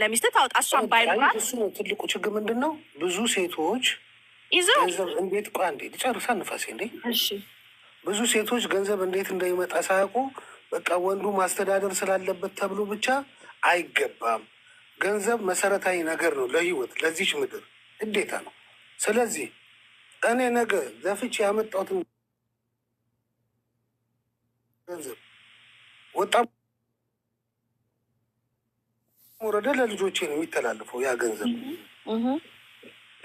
ለሚስት ታውጣ። እሷን ባይኖራት ትልቁ ችግር ምንድን ነው? ብዙ ሴቶች ገንዘብ እንዴት ቋ እንዴ ጨርሳ ንፋሴ እንዴ ብዙ ሴቶች ገንዘብ እንዴት እንደሚመጣ ሳያውቁ በቃ ወንዱ ማስተዳደር ስላለበት ተብሎ ብቻ አይገባም። ገንዘብ መሰረታዊ ነገር ነው ለህይወት፣ ለዚች ምድር ግዴታ ነው። ስለዚህ እኔ ነገ ዘፍች ያመጣሁትን ገንዘብ ወጣ ወረደ ለልጆቼ ነው የሚተላለፈው ያ ገንዘብ።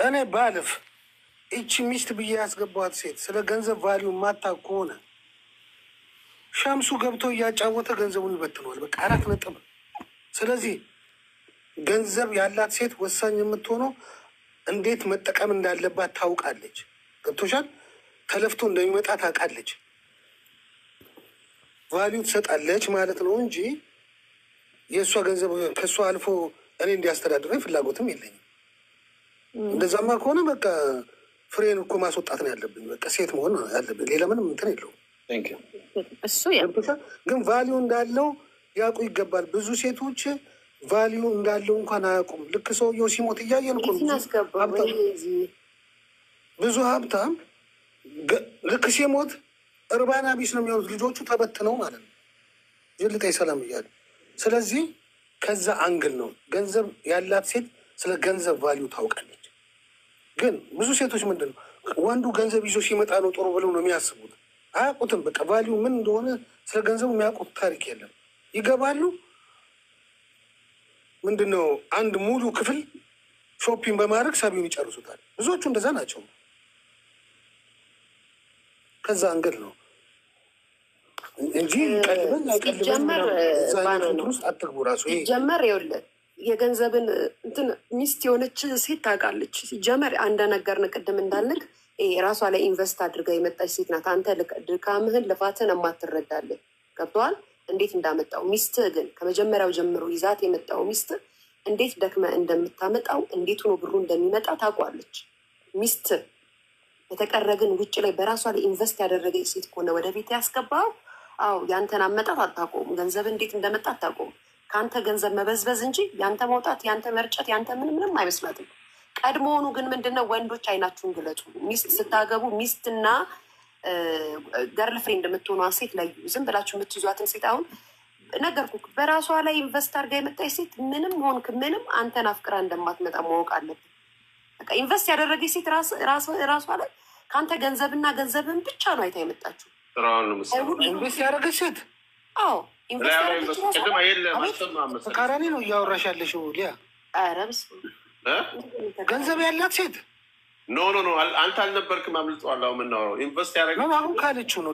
እኔ ባልፍ እቺ ሚስት ብዬ ያስገባት ሴት ስለ ገንዘብ ቫሊዩ ማታ ከሆነ ሸምሱ ገብቶ እያጫወተ ገንዘቡን ይበትነዋል። በቃ አራት ነጥብ። ስለዚህ ገንዘብ ያላት ሴት ወሳኝ የምትሆነው እንዴት መጠቀም እንዳለባት ታውቃለች። ገብቶሻል። ተለፍቶ እንደሚመጣ ታውቃለች። ቫሊዩ ትሰጣለች ማለት ነው እንጂ የእሷ ገንዘብ ከእሷ አልፎ እኔ እንዲያስተዳድረኝ ፍላጎትም የለኝም። እንደዛማ ከሆነ በቃ ፍሬን እኮ ማስወጣት ነው ያለብኝ። በቃ ሴት መሆን ያለብኝ። ሌላ ምንም እንትን የለውም። እሱ ግን ቫሊዩ እንዳለው ያውቁ ይገባል። ብዙ ሴቶች ቫሊዩ እንዳለው እንኳን አያውቁም። ልክ ሰውየው ሲሞት እያየን ብዙ ሀብታም ልክ ሲሞት እርባና ቢስ ነው የሚሆኑት ልጆቹ ተበትነው ማለት ነው። ይልጠኝ ሰላም እያለ ስለዚህ ከዛ አንግል ነው ገንዘብ ያላት ሴት ስለ ገንዘብ ቫሊዩ ታውቃለች። ግን ብዙ ሴቶች ምንድን ነው ወንዱ ገንዘብ ይዞ ሲመጣ ነው ጥሩ ብለው ነው የሚያስቡት። አያውቁትም። በቃ ቫሊዩ ምን እንደሆነ ስለ ገንዘቡ የሚያውቁት ታሪክ የለም። ይገባሉ። ምንድን ነው አንድ ሙሉ ክፍል ሾፒንግ በማድረግ ሰቢውን ይጨርሱታል። ብዙዎቹ እንደዛ ናቸው። ከዛ አንገድ ነው እንጂ አትግቡ። ራሱ ጀመር የለ የገንዘብን እንትን ሚስት የሆነች ሴት ታውቃለች። ሲጀመር ነገር ቅድም እንዳልንክ ራሷ ላይ ኢንቨስት አድርጋ የመጣች ሴት ናት። አንተ ድካምህን ልፋትን የማትረዳልን ገብተዋል። እንዴት እንዳመጣው ሚስት ግን ከመጀመሪያው ጀምሮ ይዛት የመጣው ሚስት እንዴት ደክመ እንደምታመጣው እንዴት ሆኖ ብሩ እንደሚመጣ ታውቋለች ሚስት። የተቀረ ግን ውጭ ላይ በራሷ ላይ ኢንቨስት ያደረገች ሴት ከሆነ ወደ ቤት ያስገባው አዎ ያንተን አመጣት አታቆሙ። ገንዘብ እንዴት እንደመጣ አታቆሙ። ከአንተ ገንዘብ መበዝበዝ እንጂ ያንተ መውጣት፣ ያንተ መርጨት፣ ያንተ ምን ምንም አይመስላትም። ቀድሞውኑ ግን ምንድነው ወንዶች አይናችሁን ግለጹ። ሚስት ስታገቡ ሚስትና ገርል ፍሬንድ የምትሆኗን ሴት ለዩ። ዝም ብላችሁ የምትይዟትን ሴት አሁን ነገርኩ። በራሷ ላይ ኢንቨስት አድርጋ የመጣች ሴት ምንም ሆንክ ምንም አንተን አፍቅራ እንደማትመጣ ማወቅ አለብን። ኢንቨስት ያደረገች ሴት ራሷ ላይ ከአንተ ገንዘብና ገንዘብን ብቻ ነው አይታ የመጣችሁ። ስራዋን ነው ኢንቨስት ያደረገች ሴት ተቃራኒ ነው እያወራሽ ያለሽው። ሊያ ገንዘብ ያላት ሴት ኖ ኖ ኖ፣ አንተ አልነበርክም፣ አምልጠዋል። አሁን የምናወራው ኢንቨስት ያደረገው አሁን ካለችው ነው።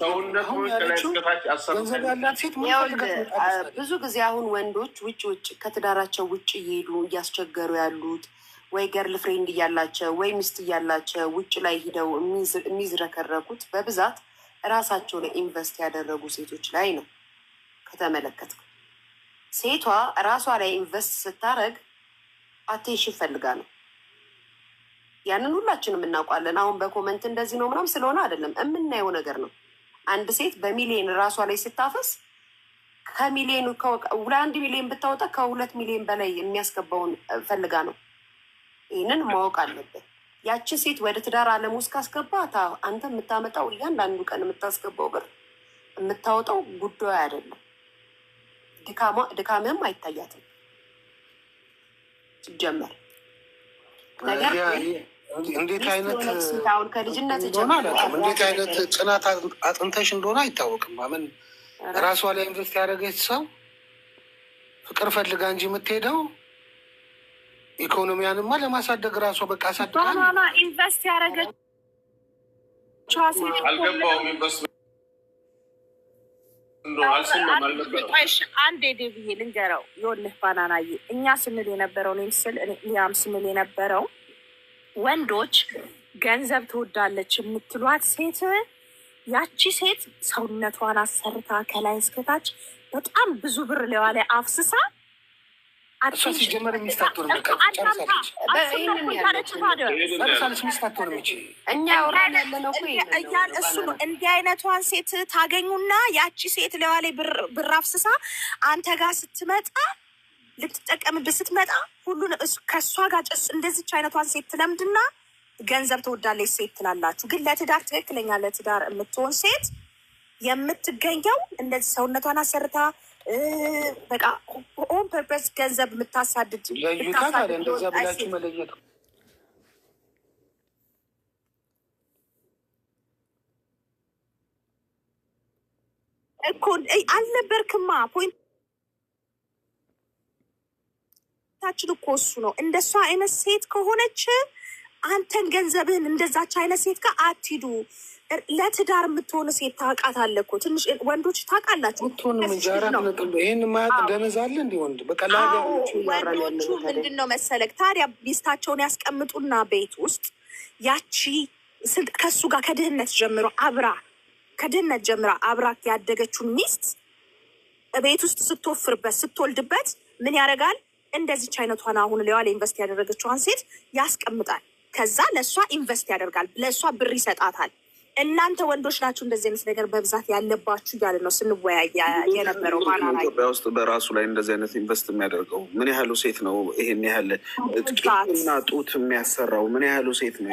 ገንዘብ ያላት ሴት ብዙ ጊዜ አሁን ወንዶች ውጭ ውጭ ከትዳራቸው ውጭ እየሄዱ እያስቸገሩ ያሉት ወይ ገርል ፍሬንድ እያላቸው ወይ ሚስት እያላቸው ውጭ ላይ ሂደው የሚዝረከረኩት በብዛት እራሳቸው ላይ ኢንቨስት ያደረጉ ሴቶች ላይ ነው ከተመለከትኩ። ሴቷ ራሷ ላይ ኢንቨስት ስታደረግ አቴንሽን ፈልጋ ነው። ያንን ሁላችንም እናውቃለን። አሁን በኮመንት እንደዚህ ነው ምናም ስለሆነ አይደለም የምናየው ነገር ነው። አንድ ሴት በሚሊዮን ራሷ ላይ ስታፈስ ከሚሊዮን ለአንድ ሚሊዮን ብታወጣ ከሁለት ሚሊዮን በላይ የሚያስገባውን ፈልጋ ነው። ይህንን ማወቅ አለበት። ያቺ ሴት ወደ ትዳር አለም ውስጥ ካስገባት አንተ የምታመጣው እያንዳንዱ ቀን የምታስገባው ብር የምታወጣው ጉዳዩ አይደለም። ድካምም አይታያትም ሲጀመር ነገር እንዴት አይነት ከልጅነት እንዴት አይነት ጽናት አጥንተሽ እንደሆነ አይታወቅም። ምን ራሷ ላይ ኢንቨስት ያደረገች ሰው ፍቅር ፈልጋ እንጂ የምትሄደው ኢኮኖሚያንማ ለማሳደግ ራሷ በቃ ሳድማማ ኢንቨስት ያደረገች አልገባውም። አንዴ ብዬ ልንገረው የወልህ ባናናዬ እኛ ስንል የነበረው ነው ስል እኛም ስንል የነበረው ወንዶች ገንዘብ ትወዳለች የምትሏት ሴት ያቺ ሴት ሰውነቷን አሰርታ ከላይ እስከታች በጣም ብዙ ብር ሊዋ ላይ አፍስሳ እሷ ሲጀመር ሚስት እንዲህ አይነቷን ሴት ታገኙና ያቺ ሴት ለዋ ብር አፍስሳ አንተ ጋር ስትመጣ ልትጠቀምብህ ስትመጣ ሁሉን ከእሷ ጋር ጨስ እንደዚች አይነቷን ሴት ትለምድና ገንዘብ ትወዳለች ሴት ትላላችሁ። ግን ለትዳር ትክክለኛ ለትዳር የምትሆን ሴት የምትገኘው እንደዚህ ሰውነቷን አሰርታ በቃ ኦን ፐርፐስ ገንዘብ የምታሳድድ እኮ አልነበርክማ። ፖይንታችን እኮ እሱ ነው። እንደሷ አይነት ሴት ከሆነች አንተን ገንዘብህን እንደዛች አይነት ሴት ጋር አትሂዱ። ለትዳር የምትሆን ሴት ታውቃት አለ እኮ ትንሽ ወንዶች ታውቃላችሁ። ወንዶቹ ምንድን ነው መሰለክ ታዲያ ሚስታቸውን ያስቀምጡና ቤት ውስጥ ያቺ ከሱ ጋር ከድህነት ጀምሮ አብራ ከድህነት ጀምራ አብራ ያደገችውን ሚስት ቤት ውስጥ ስትወፍርበት ስትወልድበት ምን ያደርጋል? እንደዚች አይነቷን አሁን ሊዋ ኢንቨስት ያደረገችዋን ሴት ያስቀምጣል። ከዛ ለእሷ ኢንቨስት ያደርጋል። ለእሷ ብር ይሰጣታል። እናንተ ወንዶች ናችሁ እንደዚህ አይነት ነገር በብዛት ያለባችሁ እያለ ነው ስንወያይ የነበረው። ኢትዮጵያ ውስጥ በራሱ ላይ እንደዚህ አይነት ኢንቨስት የሚያደርገው ምን ያህሉ ሴት ነው? ይሄን ያህል ጡትና ጡት የሚያሰራው ምን ያህሉ ሴት ነው?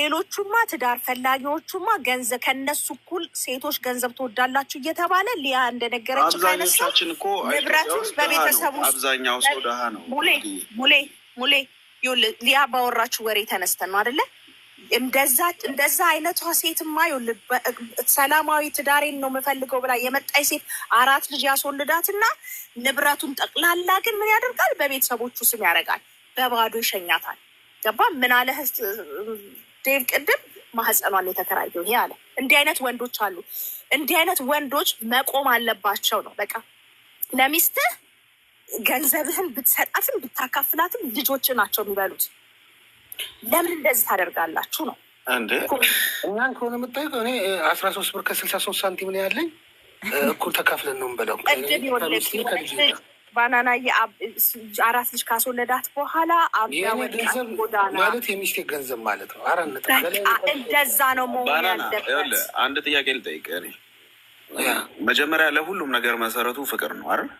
ሌሎቹማ ትዳር ፈላጊዎቹማ ገንዘብ ከነሱ እኩል ሴቶች ገንዘብ ትወዳላችሁ እየተባለ ሊያ እንደነገረች አብዛኞቻችን እኮ ንብረቱን በቤተሰቡ አብዛኛው ሰው ድሃ ነው። ሙሌ ሙሌ ሙሌ ሊያ ባወራችሁ ወሬ ተነስተን ነው አደለን እንደዛ አይነቷ ሴትማ ሰላማዊ ትዳሬን ነው የምፈልገው ብላ የመጣች ሴት አራት ልጅ ያስወልዳትና ንብረቱን ጠቅላላ ግን ምን ያደርጋል? በቤተሰቦቹ ስም ያደርጋል። በባዶ ይሸኛታል። ገባ? ምን አለ ዴቭ ቅድም ማህፀኗን የተከራየው ይሄ አለ። እንዲህ አይነት ወንዶች አሉ። እንዲህ አይነት ወንዶች መቆም አለባቸው ነው በቃ ለሚስትህ ገንዘብህን ብትሰጣትም ብታካፍላትም ልጆች ናቸው የሚበሉት። ለምን እንደዚህ ታደርጋላችሁ ነው እንደ እኛን ከሆነ የምታዩት እኔ አስራ ሶስት ብር ከስልሳ ሶስት ሳንቲም ነው ያለኝ። እኩል ተካፍለን ነው ምበለው። ባናና አራት ልጅ ካስወለዳት በኋላ ማለት የሚስቴ ገንዘብ ማለት ነው። አራነት እንደዛ ነው መሆን ያለበት። አንድ ጥያቄ ልጠይቅ። መጀመሪያ ለሁሉም ነገር መሰረቱ ፍቅር ነው አይደል?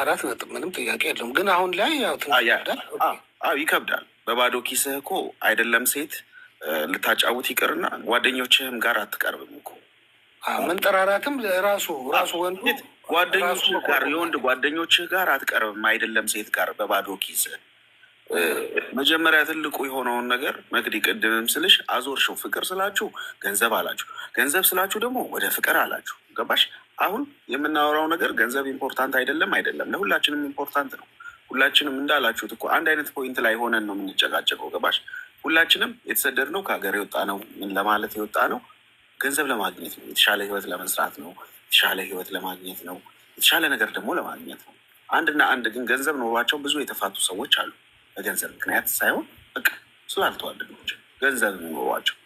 አራት ነጥብ። ምንም ጥያቄ የለውም። ግን አሁን ላይ ያው ይከብዳል በባዶ ኪስህ እኮ አይደለም ሴት ልታጫውት ይቅርና ጓደኞችህም ጋር አትቀርብም እኮ ምንጠራራትም ራሱ ራሱ ወንዱ ጓደኞች ጋር የወንድ ጓደኞችህ ጋር አትቀርብም፣ አይደለም ሴት ጋር በባዶ ኪስ። መጀመሪያ ትልቁ የሆነውን ነገር መግዲ ቅድምም ስልሽ አዞርሽው። ፍቅር ስላችሁ ገንዘብ አላችሁ፣ ገንዘብ ስላችሁ ደግሞ ወደ ፍቅር አላችሁ። ገባሽ? አሁን የምናወራው ነገር ገንዘብ ኢምፖርታንት አይደለም፣ አይደለም፣ ለሁላችንም ኢምፖርታንት ነው። ሁላችንም እንዳላችሁት እኮ አንድ አይነት ፖይንት ላይ ሆነን ነው የምንጨቃጨቀው። ገባሽ? ሁላችንም ነው ከሀገር የወጣ ነው ለማለት የወጣ ነው ገንዘብ ለማግኘት ነው፣ የተሻለ ህይወት ለመስራት ነው፣ የተሻለ ህይወት ለማግኘት ነው፣ የተሻለ ነገር ደግሞ ለማግኘት ነው። አንድና አንድ ግን ገንዘብ ኖሯቸው ብዙ የተፋቱ ሰዎች አሉ። በገንዘብ ምክንያት ሳይሆን በቃ ስላልተዋደዶች ገንዘብ ኖሯቸው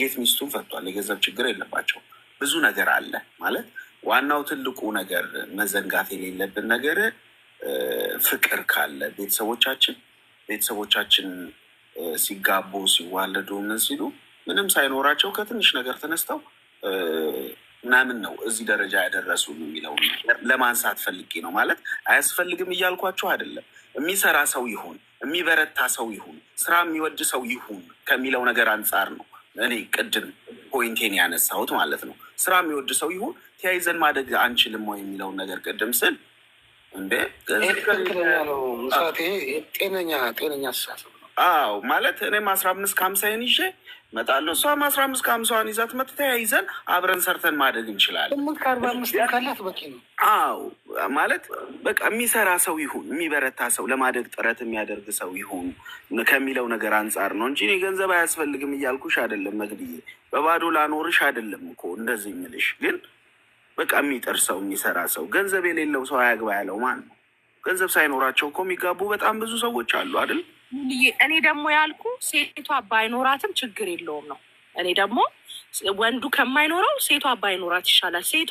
ጌት ሚስቱን ፈቷል። የገንዘብ ችግር የለባቸው። ብዙ ነገር አለ ማለት ዋናው ትልቁ ነገር መዘንጋት የሌለብን ነገር ፍቅር ካለ ቤተሰቦቻችን ቤተሰቦቻችን ሲጋቡ ሲዋለዱ ምን ሲሉ ምንም ሳይኖራቸው ከትንሽ ነገር ተነስተው ምናምን ነው እዚህ ደረጃ ያደረሱ የሚለው ለማንሳት ፈልጌ ነው። ማለት አያስፈልግም እያልኳቸው አይደለም። የሚሰራ ሰው ይሁን፣ የሚበረታ ሰው ይሁን፣ ስራ የሚወድ ሰው ይሁን ከሚለው ነገር አንጻር ነው እኔ ቅድም ፖይንቴን ያነሳሁት ማለት ነው። ስራ የሚወድ ሰው ይሁን ተያይዘን ማደግ አንችልም ወይ የሚለውን ነገር ቅድም ስል አዎ ማለት እኔም አስራ አምስት ከሀምሳዬን ይዤ እመጣለሁ። እሷም አስራ አምስት ከሀምሳዋን ይዛት መጥታ ያይዘን አብረን ሰርተን ማደግ እንችላለን። አዎ ማለት በቃ የሚሰራ ሰው ይሁን፣ የሚበረታ ሰው፣ ለማደግ ጥረት የሚያደርግ ሰው ይሁን ከሚለው ነገር አንጻር ነው እንጂ እኔ ገንዘብ አያስፈልግም እያልኩሽ አይደለም። መግድዬ በባዶ ላኖርሽ አይደለም እኮ እንደዚህ የምልሽ ግን በቃ የሚጥር ሰው የሚሰራ ሰው ገንዘብ የሌለው ሰው አያግባ ያለው ማን ነው? ገንዘብ ሳይኖራቸው እኮ የሚጋቡ በጣም ብዙ ሰዎች አሉ አይደል? እኔ ደግሞ ያልኩ ሴቷ ባይኖራትም ችግር የለውም ነው። እኔ ደግሞ ወንዱ ከማይኖረው ሴቷ ባይኖራት ይሻላል። ሴቷ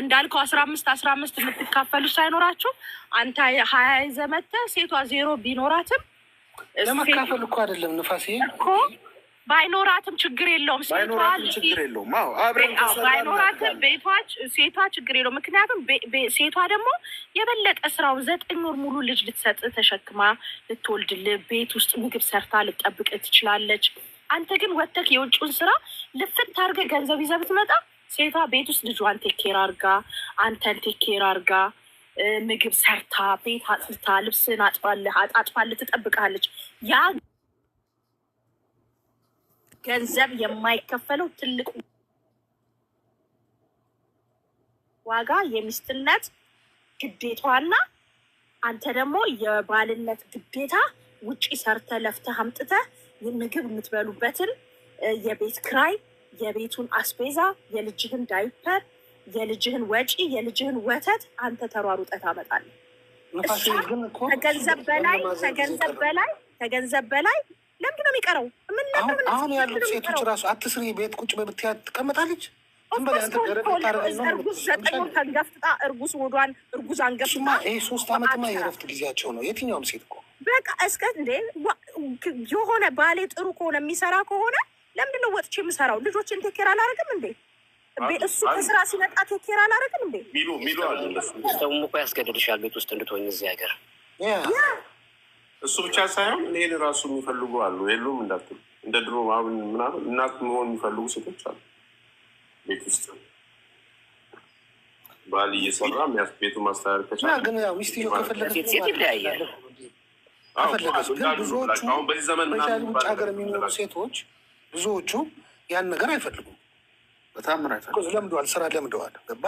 እንዳልከው አስራ አምስት አስራ አምስት የምትካፈሉ ሳይኖራቸው አንተ ሀያ ይዘህ መተህ ሴቷ ዜሮ ቢኖራትም ለመካፈል እኮ አይደለም ንፋስ ባይኖራትም ችግር የለውም። ባይኖራትም ቤቷ ሴቷ ችግር የለውም። ምክንያቱም ሴቷ ደግሞ የበለጠ ስራው ዘጠኝ ወር ሙሉ ልጅ ልትሰጥ ተሸክማ ልትወልድልህ ቤት ውስጥ ምግብ ሰርታ ልጠብቅ ትችላለች። አንተ ግን ወተክ የውጭውን ስራ ልፍት አድርገህ ገንዘብ ይዘህ ብትመጣ ሴቷ ቤት ውስጥ ልጇን ቴኬር አርጋ አንተን ቴኬር አርጋ ምግብ ሰርታ ቤት አጽድታ ልብስን አጥፋልህ አጣጥፋልህ ትጠብቃለች ያ ገንዘብ የማይከፈለው ትልቅ ዋጋ የሚስትነት ግዴታዋና አንተ ደግሞ የባልነት ግዴታ ውጪ ሰርተ ለፍተ አምጥተ ምግብ የምትበሉበትን የቤት ክራይ፣ የቤቱን አስቤዛ፣ የልጅህን ዳይፐር፣ የልጅህን ወጪ፣ የልጅህን ወተት አንተ ተሯሩጠህ ታመጣለህ። ከገንዘብ በላይ ከገንዘብ በላይ ከገንዘብ በላይ ለምንድን ነው የሚቀረው? አሁን ያሉት ሴቶች ራሱ አትስሪ ቤት ቁጭ በምትያ ትቀመጣለች። እርጉዝ ዘጠኝ ወር ተንገፍጥጣ እርጉዝ ወዷን እርጉዝ አንገፍማ። ይሄ ሶስት አመትማ የእረፍት ጊዜያቸው ነው። የትኛውም ሴት እኮ በቃ እስከ እንዴ የሆነ ባሌ ጥሩ ከሆነ የሚሰራ ከሆነ ለምንድን ነው ወጥቼ የምሰራው? ልጆችን ቴኬር አላረግም እንዴ? እሱ ከስራ ሲመጣ ቴኬር አላረግም እንዴ? ሚሉ ሚሉ አሉ። ሰውም እኮ ያስገድልሻል ቤት ውስጥ እንድትሆኝ እዚህ ሀገር እሱ ብቻ ሳይሆን እኔን ራሱ የሚፈልጉ አሉ። የሉም እንዳት እንደ ድሮ አሁን ምናምን እናት መሆን የሚፈልጉ ሴቶች አሉ። ቤት ውስጥ ባል እየሰራ ሚያስ ቤቱ ማስተዳደር ከቻለ ግን ያው ሚስት ከፈለገች ሴት ይለያያል። ውጭ ሀገር የሚኖሩ ሴቶች ብዙዎቹ ያን ነገር አይፈልጉም። በጣም ለምደዋል፣ ስራ ለምደዋል። ገባ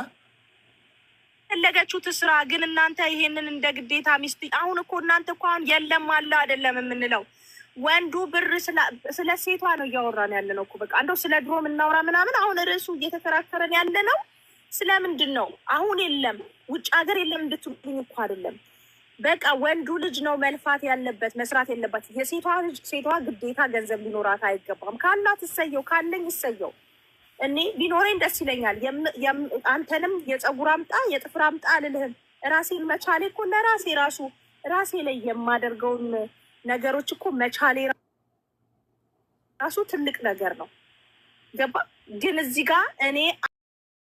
የፈለገችሁት ስራ ግን እናንተ ይሄንን እንደ ግዴታ ሚስት አሁን እኮ እናንተ እኮ አሁን የለም አለ አይደለም የምንለው ወንዱ ብር ስለ ሴቷ ነው እያወራን ያለ ነው እኮ በቃ እንደው ስለ ድሮ የምናወራ ምናምን አሁን ርዕሱ እየተከራከረን ያለ ነው ስለምንድን ነው አሁን የለም ውጭ ሀገር የለም እንድትሉኝ እኮ አይደለም በቃ ወንዱ ልጅ ነው መልፋት ያለበት መስራት የለባት የሴቷ ልጅ ሴቷ ግዴታ ገንዘብ ሊኖራት አይገባም ካላት እሰየው ካለኝ እሰየው እኔ ቢኖረኝ ደስ ይለኛል። አንተንም የፀጉር አምጣ የጥፍር አምጣ አልልህም። ራሴን መቻሌ እኮ ለራሴ ራሱ ራሴ ላይ የማደርገውን ነገሮች እኮ መቻሌ ራሱ ትልቅ ነገር ነው። ገባ ግን እዚህ ጋር እኔ